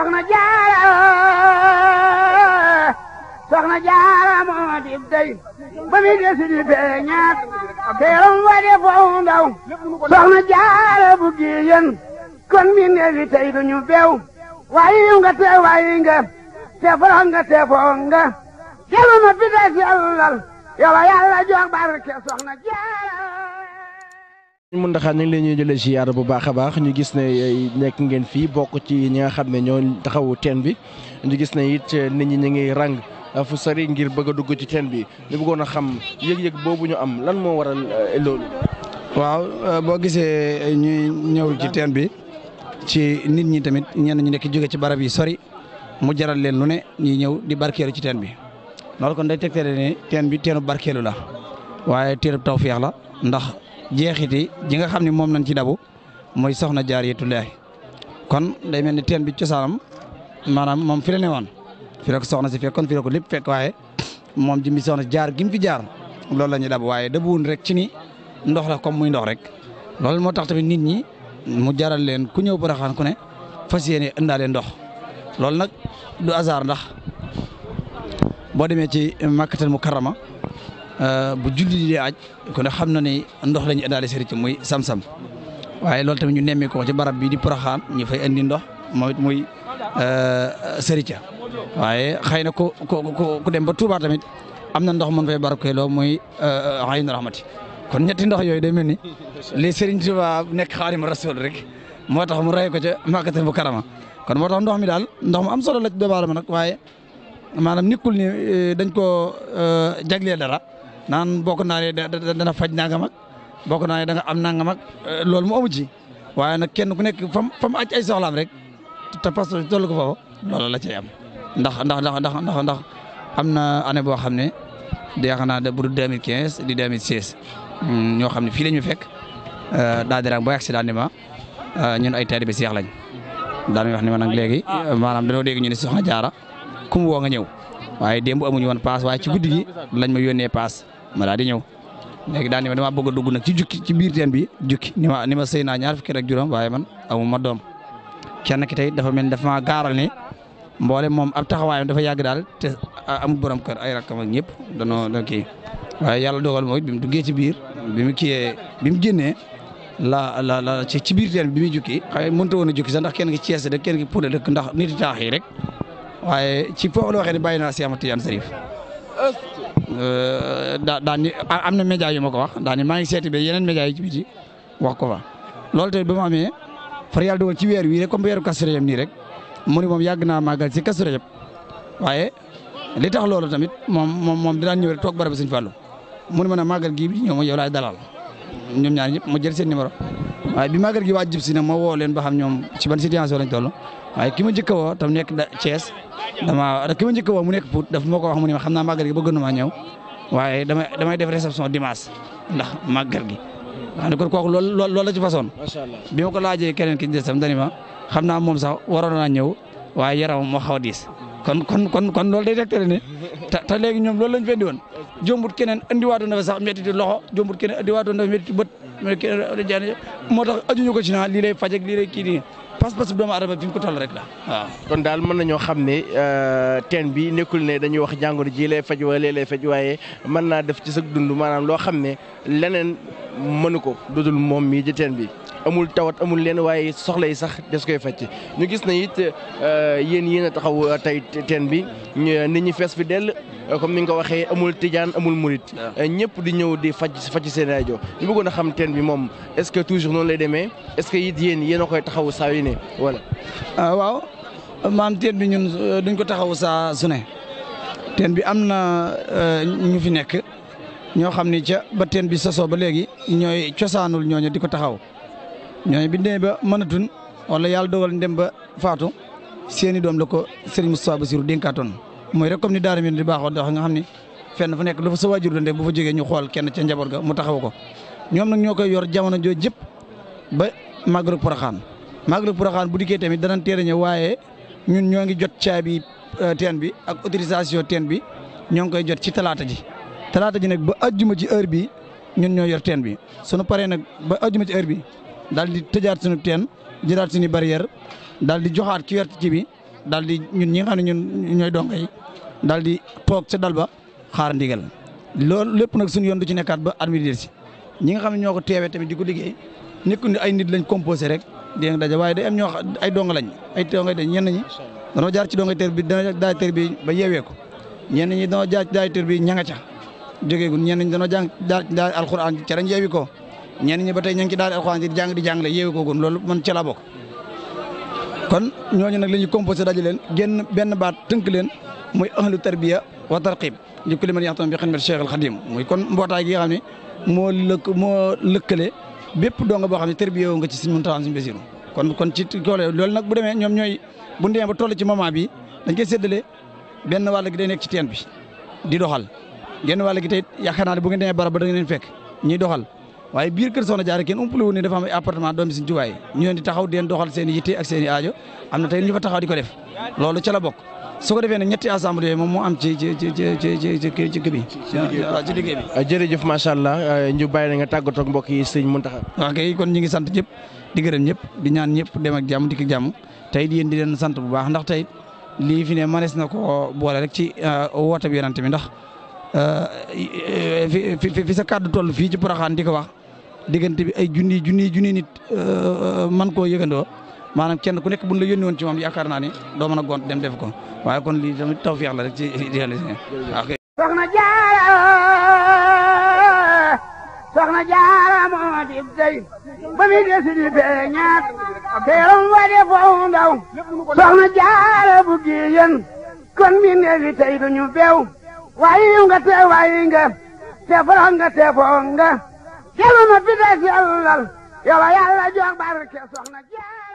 soxna na soxna jaara moo di dey ba mi desi di beñaat teeram wa de foofu ndaw soxna jaara bu giyen kon mi neefi tey duñu bew wayu te wayu te forox te foog nga jelu ma fi des yàllal yow a yàlla jox barke soxna jaara Mountakha ñu ngi leen ñuy jëlee ziar bu baax a baax ñu gis ne eh, nekk ngeen fii bokk ci ñi nga xam ne ñoo taxawu teen bi ñu gis ne it eh, nit ñi ñu ngi ràng eh, fu sori ngir bëgg a dugg ci teen bi ñu bëggoon a xam yëg-yëg boobu ñu am lan moo waral loolu. waaw boo gisee ñuy ñëw ci teen bi ci nit ñi tamit ñenn ñu nekk jóge ci barab yi sori mu jaral leen lu ne ñuy ñëw di barkeelu ci teen bi loolu kon day tegtale ne teen bi teenu barkeelu la waaye teenu tawfeex la ndax. jeexiti ji nga xam ne moom lañ ci dabu mooy soxna jaar jaariyatullaahi kon day mel ni teen bi cosaanam maanaam moom fi la ne woon fi la ko soxna si fekkoon fi la ko lépp fekk waaye moom ji mi soxna jaar gi mu fi jaar loolu la ñuy dab waaye dabuwun rek ci ni ndox la comme muy ndox rek loolu moo tax tamit nit ñi mu jaral leen ku ñëw baraxaan ku ne fas yéene ëndaale ndox loolu nag du hasard ndax boo demee ci makkatal mu karama Euh, bu julli di aj kon xam na ne ndox lañu ñu indaale sëriñ muy sam-sam waaye loolu tamit ñu nemmee ko ci barab bii di Porokhane ñu fay indi ndox moom it muy euh, sëriñ ca waaye xëy na ku ku ku dem ba Touba tamit am na ndox mën fay barkeeloo muy euh, aynu rahmati kon ñetti ndox yooyu day mel ni li Serigne Touba nekk Xaadimu Rasuul rek moo tax mu rey ko ca bu Mukarrama kon moo tax ndox mi daal ndox mu am solo la ci doomu nag waaye maanaam nekkul ni dañ ko jagleel dara. naan bokk naa ne dana faj nangam ak bokk naa ne danga am nangam ak euh, loolu mu amu ci waaye na kenn ku nekk fam fam aj ay soxlaam rek te parce que toll ko foofu loolu la cay am ndax ndax ndax ndax ndax ndax am na année boo xam ne yaakaar naa de bu dul quinze di 2016 mm, ñoo xam ne fii la ñu fekk euh, daa diraag booy accident ni ma euh, ñun ay taalibe Seex lañ daan wax ni ma nag léegi maanaam dañoo dégg ñu ne soxna jaara kum woo nga ñëw waaye démb amuñu woon paas waaye ci ma di ñëw léegi daal ni ma damaa a dugg nag ci jukki ci biir teen bi jukki ni ma ni ma sëy naa ñaar fukki ak juróom waaye man amu ma doom kenn ki tey dafa mel ni dafa maa gaaral ni mboole moom ab taxawaayam dafa yàgg daal te amul borom kër ay rakkam ak ñëpp danoo da kii waaye yàlla dogal mooy bi mu duggee ci biir bi mu kiyee bi mu génnee la la la ci ci biir teen bi bi muy jukki xëy mënta woon a jukki sax ndax kenn ki Cees dëkk kenn ki Puuta dëkk ndax nit yi taax yi rek waaye ci foofu la ne bàyyi naa Seex Ahmad Tijaan Sariif Euh, daa daan ni am na média yu ma ko wax daan ni maa ngi seeti ba yeneen média yi ci biti wax ko fa loolu tamit ba mu amee far yàlla dogal ci weer wii rek comme weeru Kazu Rajab nii rek mu ni moom yàgg naa màggal si Kazu Rajab waaye li tax loolu tamit moom moom moom dinaan ñëw rek toog barab bi Sëñ Fallu mu ni ma ne màggal gii bi ñëw ma yow laay dalal ñoom ñaar ma jël seen numéro waaye bi màggal gi waa jib si nag ma woo leen ba xam ñoom ci ban situation lañ toll waaye ki ma njëkk nekk Thiès dama ki ma njëkk woo mu nekk Pout daf moo ko wax mu ne ma xam naa màggal gi bëgg na ñëw waaye damay def réception dimanche ndax màggal gi. waaw kon kooku loolu loolu la ci façon. bi ma ko laajee keneen ki des tam dani ma xam naa moom sax waroon naa ñëw waaye yaram moo xaw a diis. kon kon kon kon loolu day tegtale ne te te léegi ñoom loolu lañ fendi woon jombut keneen andiwaatoon na fa sax métti loxo jombut keneen andiwaatoon na fa métti bët moo tax ajuñu ko pas-pas bu doomu aadama bi mu ko toll rek la waaw. kon daal mën nañoo xam ne euh, teen bi nekkul ne dañuy wax jàngoro ji lay faj wala lee lay faj waaye mën naa def ci sa dund maanaam loo xam ne leneen mënu ko dudul moom mii di teen bi. amul tawat amul leen waaye soxla yi sax des koy faj ñu gis na it euh, yéen yéen a taxaw euh, tey teen bi nit ñi fees fi dell euh, comme ni nga ko waxee amul tijaan amul murit ñëpp di ñëw di faj faj seen rajo ñu bëggoon a xam teen bi moom est-ce que toujours noonu lay demee est-ce que it yéen yéen a koy taxaw saa yu ne voilà. Ah, waaw maam teen bi ñun duñ ko taxaw saa su ne teen bi am na ñu fi nekk ñoo xam ni ca ba teen bi sosoo ba léegi ñooy cosaanul ñooñu di ko taxaw. ñooñu bi demee ba a mënatuñ wala yàlla dogal ñu dem ba faatu seeni doom la ko Serigne Moustapha Bassirou dénkaatoon mooy rek comme ni daara mi di baaxoo ndax nga xam ni fenn fu nekk lu fa sa waajur doon def bu fa jógee ñu xool kenn ca njaboot ga mu taxaw ko ñoom nag ñoo koy yor jamono joo jëpp ba Magalu Porokhane Magalu Porokhane bu dikkee tamit danañ teel a waaye ñun ñoo ngi jot caabi euh, teen bi ak autorisation teen bi ñoo ngi koy jot ci talaata ji talaata ji nag ba ajjuma ci heure bi ñun ñoo yor teen bi sunu paree nag ba ajjuma ci heure bi daal di tëjaat suñu teen jëlaat suñu barrière daal di joxaat ci wert ci bi daal di ñun ñi nga xam ne ñun ñooy donga yi daal di toog ca dal ba xaar ndigal loolu lépp nag suñu yoon du ci nekkaat ba admidir si ñi nga xam ne ñoo ko teewee tamit di ko liggéey nekkul ne ay nit lañ composé rek dégg nga daje waaye day am ñoo ay dong lañ ay dongay dañ ñenn ñi danoo jaar ci dongay teer bi dana daay teer bi ba yeewee ko ñenn ñi danoo jaar ci daay teer bi ña nga ca jógeegul ñenn ñi danoo jàng jaar ci daay alxuraan ca lañ yeewi ko ñen ñi ba tey ñu ci daal alcorane di jang di jàngale yeewu ko gun loolu man ci la bok kon ñoñu nak lañu ñuy composé daje leen génn benn baat teunk leen moy ahlu tarbiya wa tarqib li kulli man yaxtam bi xidmat Cheikh al Xadim moy kon mbotay gi xamni mo lekk mo lekkale bepp do nga donga xamni tarbiya nga ci suñu mëntaan suñu basiru kon kon ci gole loolu nak bu deme ñom ñoy bu ñu ba tollu ci moment bi dañ koy séddale benn wàll gi day nekk ci teen bi di doxal genn wàll gi tay yaakaar bu ngi demee barab ba da ngeen fekk ñi doxal waye biir keur sona jaar ken umpale woni dafa am appartement doomi sin tubaay ñu leen di taxaw di leen doxal seen yitté ak seen aajo amna tay ñu fa taxaw diko def lolu ci la bok su ko defee nag ñetti assemblée mom mo am ci ci ci ci ci ci ci ci bi ci liggéey bi. Ah, jërëjëf macha allah ah, ñu bàyyi la nga tàggatoo ak mbokk yi sëñ Mountakha. waaw kay kon ñu ngi sant ñëpp di gërëm ñëpp di ñaan ñëpp dem ak jàmm dikk ak jàmm tey di yéen di leen sant bu baax ndax tey lii fi ne manees na ko boole rek ci ah, woote bi yonante bi ndax fi sa kàddu toll fii ci Porokhane di ko wax diggante bi ay junni junni junni nit euh, man koo yëgandoo maanaam kenn ku nekk buñ la yónni woon ci moom yaakaar naa ni doo a gont dem def ko waaye kon lii taw tawfeex la rek ci réalisé soxna jaara soxna moo di day ba muy desi di beñaat teeram wade foofu ndaw soxna jaara bu giyen kon mi neefi tey duñu beew waaye nga te waaye te faral nga te foo yàlla na fi des yàlla yàlla